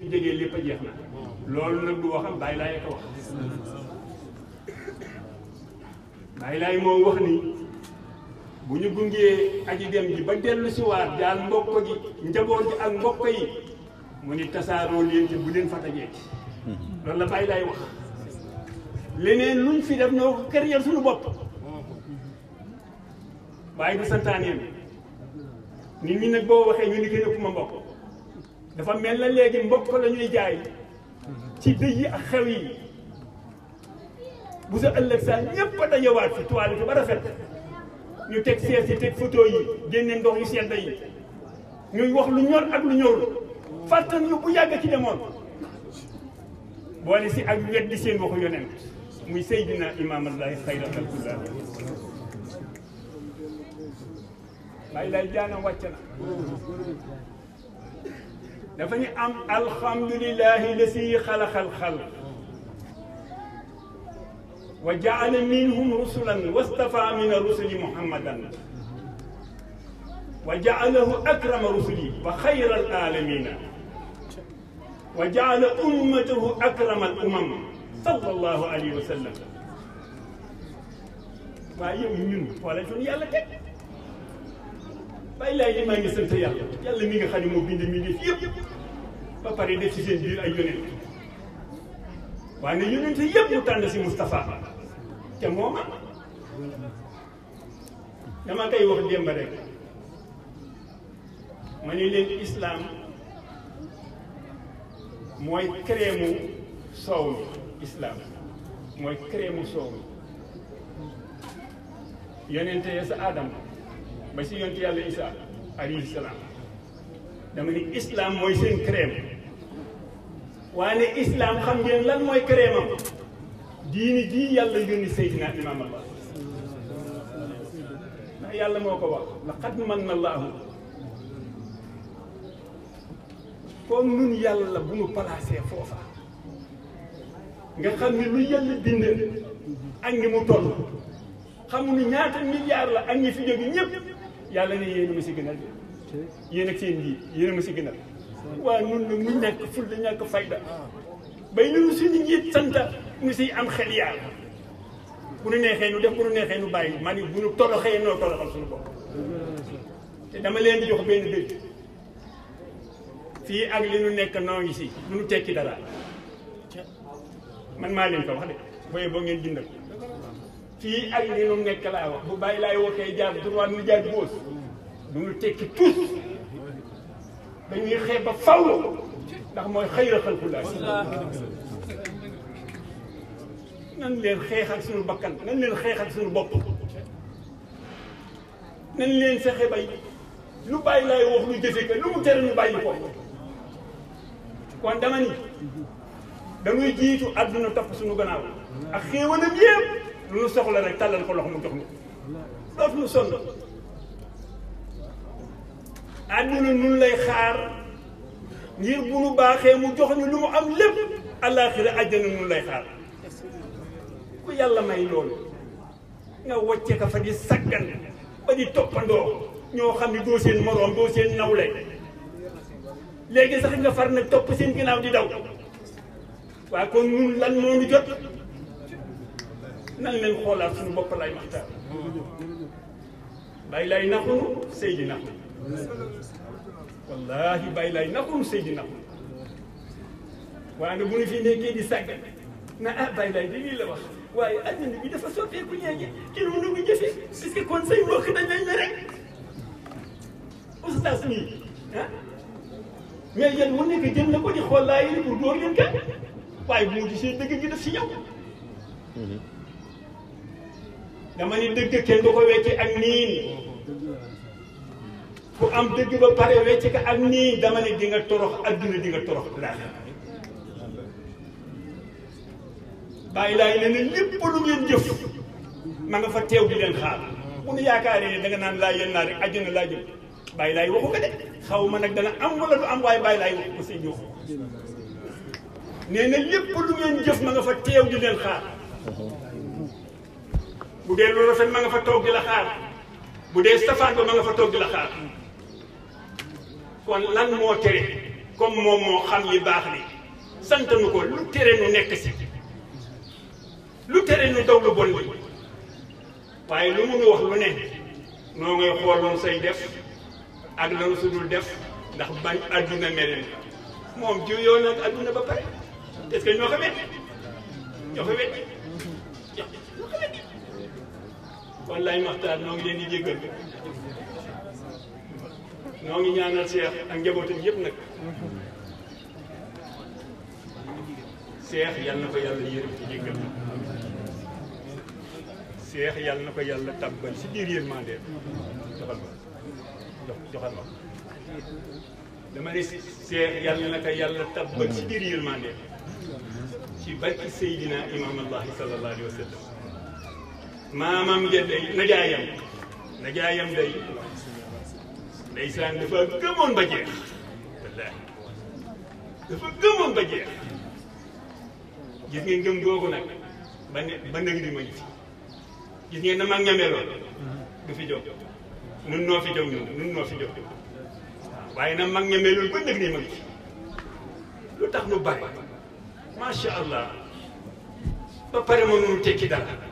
ñu jegee lépp a jeex na loolu nag du waxam bàyyi laay ko wax bàyyi laay moo wax ni bu ñu gungee aji dem ji ba dellu si waat daal mbokk gi njaboot gi ak mbokk yi mu ni tasaaroo leen ci bu leen fatajee ci loolu la bàyyi laay wax leneen luñ fi def ñoo ko kër suñu bopp bàyyi du santaaneen nit ñi nag boo waxee ñu ni gën a mbokk dafa mel na léegi mbokk la ñuy jaay ci dëj yi ak xew yi bu sa ëllëg saa ñëpp a dajewaat fi toilette ba rafet ñu teg sees yi teg photo yi génne ndox yu sedd yi ñuy wax lu ñor ak lu ñorul fàttan ñu bu yàgg ci demoon boole si ak weddi seen waxu yonent muy Seydina Imaam Allahi xayra xalqullah bàyyi lay jaanam wàcc na دفني أم الحمد لله الذي خلق الخلق وجعل منهم رسلا واصطفى من الرسل محمدا وجعله أكرم رسلي وخير العالمين وجعل أمته أكرم الأمم صلى الله عليه وسلم ما يؤمنون ولا يؤمنون bàyyi laay li maa ngi sant yàlla yàlla mi nga xam moo bind mi def yëpp ba pare def ci seen biir ay yonent waaye ne yonent yëpp mu tànn si Moustapha te mooma dama koy wax démb rek ma ne leen islam mooy crème soow mi islam mooy crème soow mi yonent sa aadama ba si yonti yàlla isa alayhi dama ni islam mooy seen crème waane islaam xam ngeen lan mooy crème am diini jii yàlla yónni Seydina Imaam ndax yàlla moo ko wax laqad manna Allahu kon nun yàlla bu nu placé foofa nga xam ni lu yàlla bind ak ni mu toll xamuñu ñaata milliards la ak ñi fi jóge ñëpp yàlla ne yéen a ma si gënal yéen ak seen njiit yéen a ma si gënal waaye nun nag mu ñàkk ful ñàkk fayda bay santa ñu am xel yàlla bu nu neexee nu def bu nu neexee nu bàyyi bu nu toroxee noo toroxal suñu te dama leen di jox benn dëgg fii ak nekk noo ngi si lu nu tekki dara man maa leen ko wax de booyee boo ngeen dindal في أجل نونك لا هو باي لا هو كي جاب دروان نجاد بوس نولتك توس بني خيب فاول نعم خير خلق الله نن لين خير خلق سر بكن نن لين خير خلق سر بكن نن لين سخي باي لو باي لا هو خلو جزيك لو متر لو باي فاول كون دماني دعوي جيتو أدنو تفسنو بناو أخي ونبيه lu soxla rek tàllal ko loxo mu jox ñu dootuñu sonn àdduna nun lay xaar ngir bu nu baaxee mu jox ñu lu mu am lépp àllaaxira àjjana nun lay xaar ku yàlla may loolu nga wàcce ka fa di saggan ba di toppandoo ñoo xam ne doo seen moroom doo seen nawle léegi sax nga far nag topp seen ginnaaw di daw waa kon nun lan moo ñu jot nan leen xoolaat suñu bopp lay maxtaar bàyyi lay naxunu sëy di naxunu wallaahi bàyyi lay naxunu sëy di naxunu waaye nag bu ñu fi nekkee di sàggan na ah bàyyi lay dañuy la wax waaye adduna bi dafa soppeeku léegi kenn mënu ko jëfe parce que kon say mbokk dañ lay ne rek oustaz nii ah mais yéen mu nekk jëm na ko di xool laa yéen pour dóor leen kat waaye bu mu gisee dëgg gi def si yow dama ni dëgg kenn du ko wecc ak niin ku am dëgg ba pare wecc ko ak niin dama ni di nga torox adduna di torox laa bàyyi laay ne ne lu ngeen jëf ma nga fa teew di leen xaar bu nu yaakaaree ne danga naan laa yéen naa rek àjjana laa jëm bàyyi laay waxu ma nag dana am wala du am waaye bàyyi laay waxu ko seen joxu nee lu ngeen jëf ma nga fa teew di leen xaar bu dee lu rafet ma nga fa toog di la xaar bu dee safaan ba ma nga fa toog di la xaar kon lan moo tere comme moom moo xam li baax li sant nu ko lu tere nu nekk si lu tere nu daw lu bon li waaye lu mu nu wax lu ne noo ngay xooloon say def ak lanu su dul def ndax bañ adduna meren moom jiw yoon adduna ba pare est-ce que ñoo ko ñoo ko kon lay maxtaar noo ngi leen di jéggal noo ngi ñaanal seex ak njabootam yëpp nag seex yal na ko yàlla yërëm ci jéggal seex yal na ko yàlla tàbbal si biir yërmande joxal joxal ma dama ne seex yal na ko yàlla tàbbal si biir yërmande ci barki Seydina Imaam Allah wa sallam maamam ja day najaayam najaayam day ndeysaan dafa gëmoon ba jeex wallaahi dafa gëmoon ba jeex gis ngeen gëm googu nag ba ne ba nag di mañ fi gis ngeen na mag ñameeloon du fi jóg nun noo fi jóg nun noo fi jóg waaye na mag ñameelul ba nag di mañ fi lu tax nu bari macha allah ba pare ma nunu tekki dara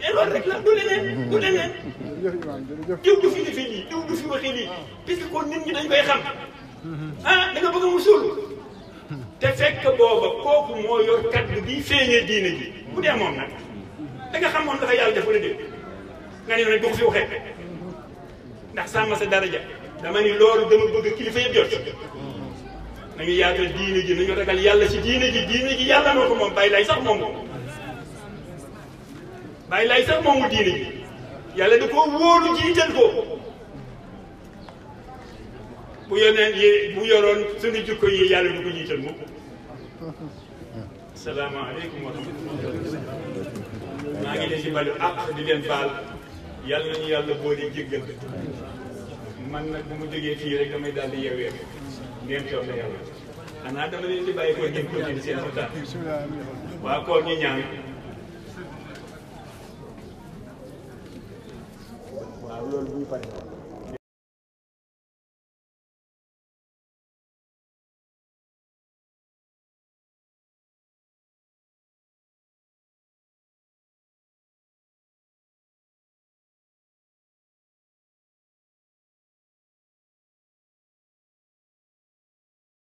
mais eh, loolu rek la du leneen du leneen diw du fi defee lii diw du fi waxee lii puisque kon nit ñi dañ koy xam ah da nga bëgg mu suul te fekk booba kooku moo yor kaddu bi feeñee diine ji bu dee moom nag da nga xam moom dafa yàlla def wala déet nga ne nag du ko fi waxee ndax sàmm sa daraja dama ni loolu dama bëgg kilifa yëpp jot nañu yaatal diine ji nañu ragal yàlla ci diine ji diine ji yàlla moo ko moom bàyyi lay sax moom ko bàyyi lay sax moomu diine ji yàlla da ko wóolu jiital ko bu yoneen yi bu yoroon suñu jukko yi yàlla du ko jiital moom salaamaaleykum wa rahmatulah maa ngi leen di balu àq di leen baal yàlla nañu yàlla boole jéggal man nag bu mu jógee fii rek damay daal di yeewee ngeen toog na yàlla xanaa dama leen di bàyyi ko ngeen ko seen waxtaan waa koor ñu ñaan Gracias.